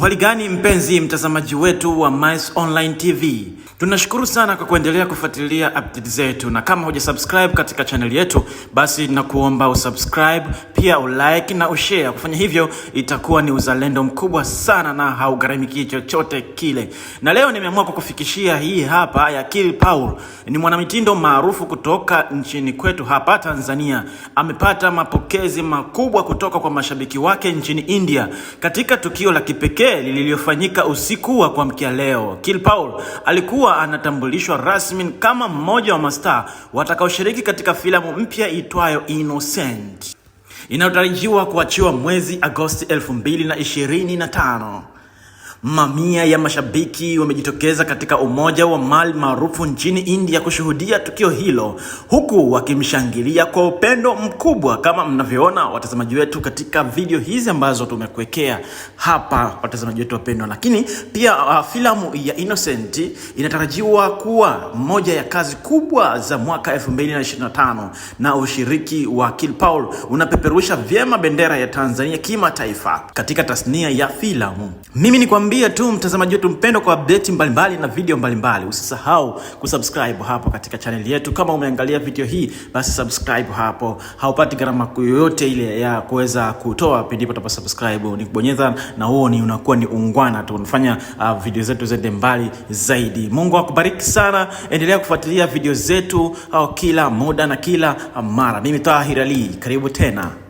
uhaligani mpenzi mtazamaji wetu wa Mice Online TV, Tunashukuru sana kwa kuendelea kufuatilia update zetu, na kama hujasubscribe katika chaneli yetu, basi nakuomba usubscribe, pia ulike na ushare. Kufanya hivyo itakuwa ni uzalendo mkubwa sana na haugharamiki chochote kile. Na leo nimeamua kukufikishia hii hapa ya Kill Paul. Ni mwanamitindo maarufu kutoka nchini kwetu hapa Tanzania. Amepata mapokezi makubwa kutoka kwa mashabiki wake nchini India katika tukio la kipekee lililofanyika usiku wa kuamkia leo. Kill Paul alikuwa kuwa anatambulishwa rasmi kama mmoja wa mastaa watakaoshiriki katika filamu mpya itwayo Innocent inayotarajiwa kuachiwa mwezi Agosti 2025. Mamia ya mashabiki wamejitokeza katika umoja wa mali maarufu nchini India kushuhudia tukio hilo huku wakimshangilia kwa upendo mkubwa kama mnavyoona watazamaji wetu katika video hizi ambazo tumekuwekea hapa, watazamaji wetu wapendwa. Lakini pia uh, filamu ya Innocent inatarajiwa kuwa moja ya kazi kubwa za mwaka 2025 na ushiriki wa Kil Paul unapeperusha vyema bendera ya Tanzania kimataifa katika tasnia ya filamu. Mimi ni kwa Nikuambia tu mtazamaji wetu mpendwa, kwa update mbalimbali na video mbalimbali, usisahau kusubscribe hapo katika channel yetu. Kama umeangalia video hii, basi subscribe hapo, haupati gharama yoyote ile ya kuweza kutoa pindi hapo subscribe, ni kubonyeza na huo ni unakuwa ni ungwana tu, unafanya uh, video zetu zende mbali zaidi. Mungu akubariki sana, endelea kufuatilia video zetu au uh, kila muda na kila mara. Mimi Tahir Ali, karibu tena.